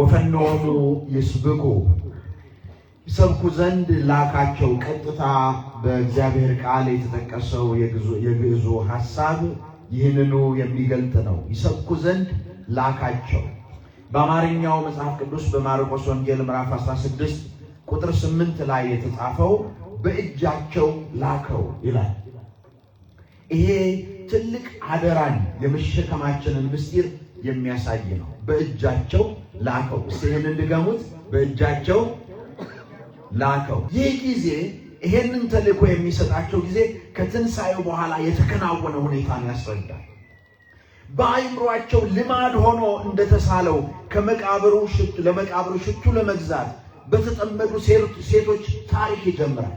ወፈኖሙ ይስብኩ ይሰብኩ ዘንድ ላካቸው። ቀጥታ በእግዚአብሔር ቃል የተጠቀሰው የግዕዙ ሐሳብ ይህንኑ የሚገልጥ ነው። ይሰብኩ ዘንድ ላካቸው። በአማርኛው መጽሐፍ ቅዱስ በማርቆስ ወንጌል ምዕራፍ 16 ቁጥር 8 ላይ የተጻፈው በእጃቸው ላከው ይላል። ይሄ ትልቅ አደራን የመሸከማችንን ምስጢር የሚያሳይ ነው። በእጃቸው ላከው። እስቲ ይህንን ድገሙት። በእጃቸው ላከው። ይህ ጊዜ ይሄንን ተልእኮ የሚሰጣቸው ጊዜ ከትንሣኤው በኋላ የተከናወነ ሁኔታን ያስረዳል። በአይምሯቸው ልማድ ሆኖ እንደተሳለው ከመቃብሩ ለመቃብሩ ሽቱ ለመግዛት በተጠመዱ ሴቶች ታሪክ ይጀምራል።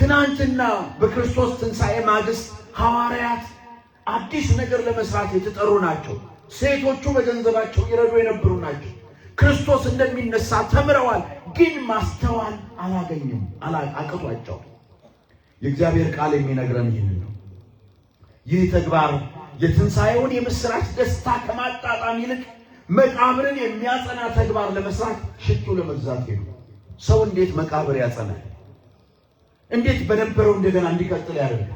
ትናንትና በክርስቶስ ትንሣኤ ማግስት ሐዋርያት አዲስ ነገር ለመስራት የተጠሩ ናቸው። ሴቶቹ በገንዘባቸው ይረዱ የነበሩ ናቸው። ክርስቶስ እንደሚነሳ ተምረዋል፣ ግን ማስተዋል አላገኙም፣ አቅቷቸው። የእግዚአብሔር ቃል የሚነግረን ይህን ነው። ይህ ተግባር የትንሣኤውን የምሥራች ደስታ ከማጣጣም ይልቅ መቃብርን የሚያጸና ተግባር ለመስራት ሽቱ ለመግዛት ሄዱ። ሰው እንዴት መቃብር ያጸናል? እንዴት በነበረው እንደገና እንዲቀጥል ያደርጋል?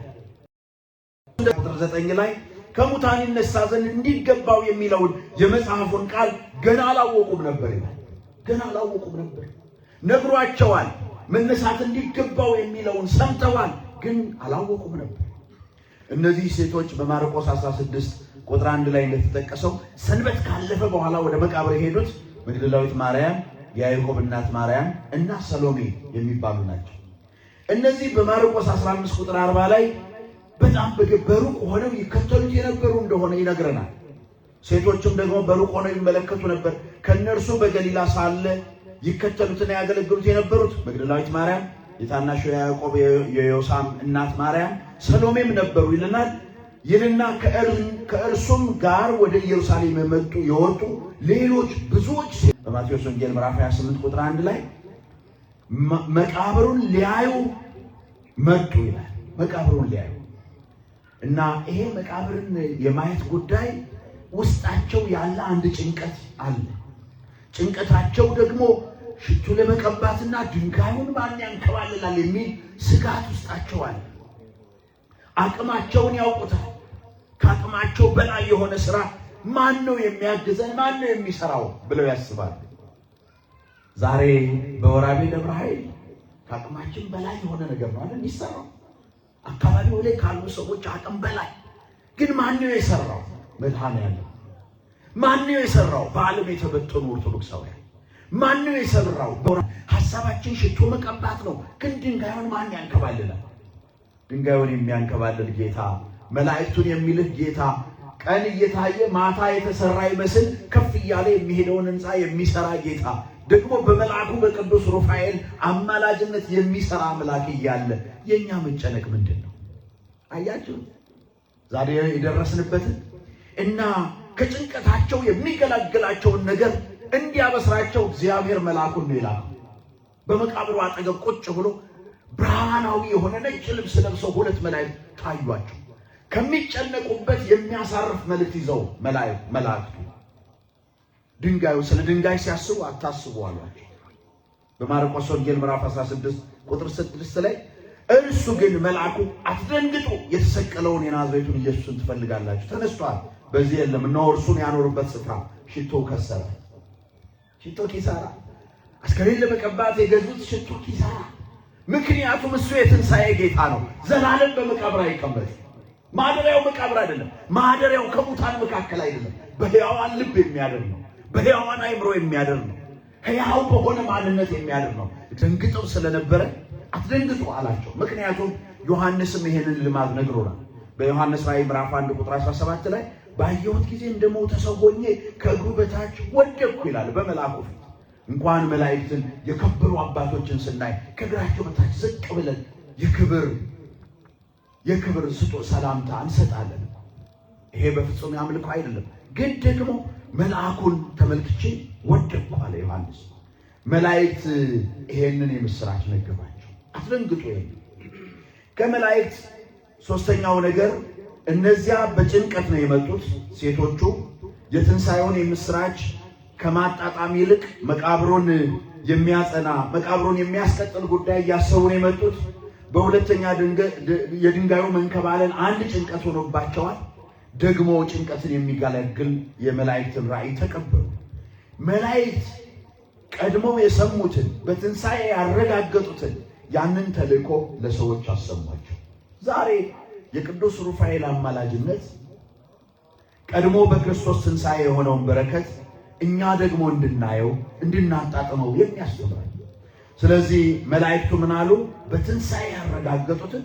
ቁጥር ዘጠኝ ላይ ከሙታን ይነሳ ዘንድ እንዲገባው የሚለውን የመጽሐፉን ቃል ገና አላወቁም ነበር ይላል። ገና አላወቁም ነበር። ነግሯቸዋል። መነሳት እንዲገባው የሚለውን ሰምተዋል፣ ግን አላወቁም ነበር። እነዚህ ሴቶች በማርቆስ 16 ቁጥር አንድ ላይ እንደተጠቀሰው ሰንበት ካለፈ በኋላ ወደ መቃብር የሄዱት መግደላዊት ማርያም፣ የያዕቆብ እናት ማርያም እና ሰሎሜ የሚባሉ ናቸው። እነዚህ በማርቆስ 15 ቁጥር 40 ላይ በጣም በሩቅ ሆነው ይከተሉት የነበሩ እንደሆነ ይነግረናል። ሴቶችም ደግሞ በሩቅ ሆነው ይመለከቱ ነበር። ከእነርሱ በገሊላ ሳለ ይከተሉትና ያገለግሉት የነበሩት መግደላዊት ማርያም፣ የታናሹ ያዕቆብ የዮሳም እናት ማርያም፣ ሰሎሜም ነበሩ ይልናል ይልና ከእርሱም ጋር ወደ ኢየሩሳሌም የመጡ የወጡ ሌሎች ብዙዎች በማቴዎስ ወንጌል ምዕራፍ 28 ቁጥር 1 ላይ መቃብሩን ሊያዩ መጡ ይላል። መቃብሩን ሊያዩ እና ይሄ መቃብርን የማየት ጉዳይ ውስጣቸው ያለ አንድ ጭንቀት አለ። ጭንቀታቸው ደግሞ ሽቱ ለመቀባትና ድንጋዩን ማን ያንከባልላል የሚል ስጋት ውስጣቸው አለ። አቅማቸውን ያውቁታል። ከአቅማቸው በላይ የሆነ ስራ ማን ነው የሚያግዘን፣ ማን ነው የሚሰራው ብለው ያስባሉ። ዛሬ በወራቤ ደብረ ኃይል ከአቅማችን በላይ የሆነ ነገር ነው የሚሰራው አካባቢው ላይ ካሉ ሰዎች አቅም በላይ ግን ማነው የሰራው? መድኃኔዓለም ማነው የሰራው? በዓለም የተበተኑ ኦርቶዶክሳውያን ማነው የሰራው? ሀሳባችን ሽቶ መቀባት ነው፣ ግን ድንጋዩን ማን ያንከባልላል? ድንጋዩን የሚያንከባልል ጌታ፣ መላእክቱን የሚልህ ጌታ ቀን እየታየ ማታ የተሰራ ይመስል ከፍ እያለ የሚሄደውን ህንፃ የሚሰራ ጌታ ደግሞ በመልአኩ በቅዱስ ሩፋኤል አማላጅነት የሚሰራ አምላክ እያለ የእኛ መጨነቅ ምንድን ነው? አያችሁ ዛሬ የደረስንበትን እና ከጭንቀታቸው የሚገላግላቸውን ነገር እንዲያበስራቸው እግዚአብሔር መልአኩን ነው ይላል። በመቃብሩ አጠገብ ቁጭ ብሎ ብርሃናዊ የሆነ ነጭ ልብስ ለብሰው ሁለት መላእክት ታዩአቸው። ከሚጨነቁበት የሚያሳርፍ መልእክት ይዘው መላእክቱ ድንጋዩ ስለ ድንጋይ ሲያስቡ አታስቡ አሏቸው። በማርቆስ ወንጌል ምዕራፍ 16 ቁጥር 6 ላይ እርሱ ግን መልአኩ አትደንግጡ፣ የተሰቀለውን የናዝሬቱን ኢየሱስን ትፈልጋላችሁ፣ ተነስቷል፣ በዚህ የለም፣ እነሆ እርሱን ያኖርበት ስፍራ። ሽቶ ከሰረ፣ ሽቶ ኪሳራ፣ አስከሬን ለመቀባት የገዙት ሽቶ ኪሳራ። ምክንያቱም እሱ የትንሣኤ ጌታ ነው፣ ዘላለም በመቃብር አይቀመጥም። ማደሪያው መቃብር አይደለም። ማደሪያው ከሙታን መካከል አይደለም። በሕያዋን ልብ የሚያደር ነው። በሕያዋን አይምሮ የሚያደር ነው። ሕያው በሆነ ማንነት የሚያደር ነው። ደንግጠው ስለነበረ አትደንግጡ አላቸው። ምክንያቱም ዮሐንስም ይሄንን ልማድ ነግሮናል። በዮሐንስ ራእይ ምዕራፍ 1 ቁጥር 17 ላይ ባየሁት ጊዜ እንደ ሞተ ሰው ሆኜ ከእግሩ በታች ወደቅኩ ይላል። በመልአኩ ፊት እንኳን መላእክትን የከበሩ አባቶችን ስናይ ከእግራቸው በታች ዝቅ ብለን የክብር የክብር ስጦ ሰላምታ እንሰጣለን። ይሄ በፍጹም ያምልኮ አይደለም። ግን ደግሞ መልአኩን ተመልክቼ ወደቅኩ አለ ዮሐንስ። መላእክት ይሄንን የምስራች ነገባቸው፣ አትደንግጡ። ይሄ ከመላእክት ሶስተኛው ነገር እነዚያ በጭንቀት ነው የመጡት ሴቶቹ የትንሣኤውን የምስራች ከማጣጣም ይልቅ መቃብሩን የሚያጸና መቃብሩን የሚያስቀጥል ጉዳይ እያሰቡ ነው የመጡት። በሁለተኛ የድንጋዩ መንከባለል አንድ ጭንቀት ሆኖባቸዋል። ደግሞ ጭንቀትን የሚገለግል የመላእክትን ራእይ ተቀበሉ። መላእክት ቀድሞው የሰሙትን በትንሣኤ ያረጋገጡትን ያንን ተልእኮ ለሰዎች አሰሟቸው። ዛሬ የቅዱስ ሩፋኤል አማላጅነት ቀድሞ በክርስቶስ ትንሣኤ የሆነውን በረከት እኛ ደግሞ እንድናየው እንድናጣጥመው የሚያስተምራል። ስለዚህ መላእክቱ ምን አሉ? በትንሣኤ ያረጋገጡትን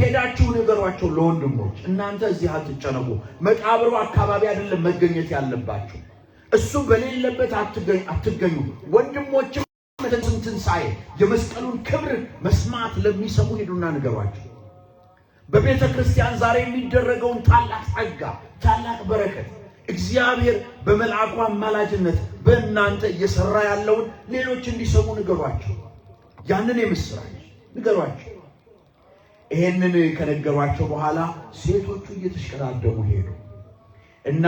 ሄዳችሁ ንገሯቸው ለወንድሞች። እናንተ እዚህ አትጨነቁ። መቃብሩ አካባቢ አይደለም መገኘት ያለባችሁ፣ እሱ በሌለበት አትገኙ። ወንድሞችም ትንሣኤ የመስቀሉን ክብር መስማት ለሚሰሙ ሄዱና ንገሯቸው። በቤተ ክርስቲያን ዛሬ የሚደረገውን ታላቅ ጸጋ፣ ታላቅ በረከት እግዚአብሔር በመልአኩ አማላጅነት በእናንተ እየሰራ ያለውን ሌሎች እንዲሰሙ ንገሯቸው። ያንን የምስራች ንገሯቸው። ይሄንን ከነገሯቸው በኋላ ሴቶቹ እየተሽቀዳደሙ ሄዱ እና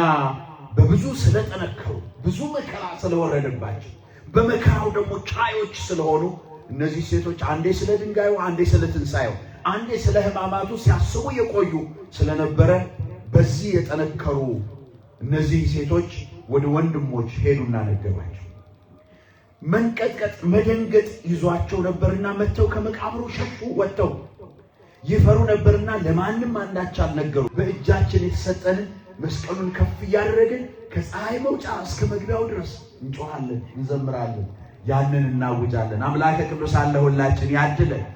በብዙ ስለጠነከሩ ብዙ መከራ ስለወረደባቸው በመከራው ደግሞ ጫዮች ስለሆኑ እነዚህ ሴቶች አንዴ ስለ ድንጋዩ፣ አንዴ ስለ ትንሣኤው፣ አንዴ ስለ ሕማማቱ ሲያስቡ የቆዩ ስለነበረ በዚህ የጠነከሩ እነዚህ ሴቶች ወደ ወንድሞች ሄዱና ነገሯቸው። መንቀጥቀጥ፣ መደንገጥ ይዟቸው ነበርና መጥተው ከመቃብሩ ሸሹ። ወጥተው ይፈሩ ነበርና ለማንም አንዳች አልነገሩ። በእጃችን የተሰጠንን መስቀሉን ከፍ እያደረግን ከፀሐይ መውጫ እስከ መግቢያው ድረስ እንጮሃለን፣ እንዘምራለን፣ ያንን እናውጃለን። አምላከ አለ ሁላችን ያድለን።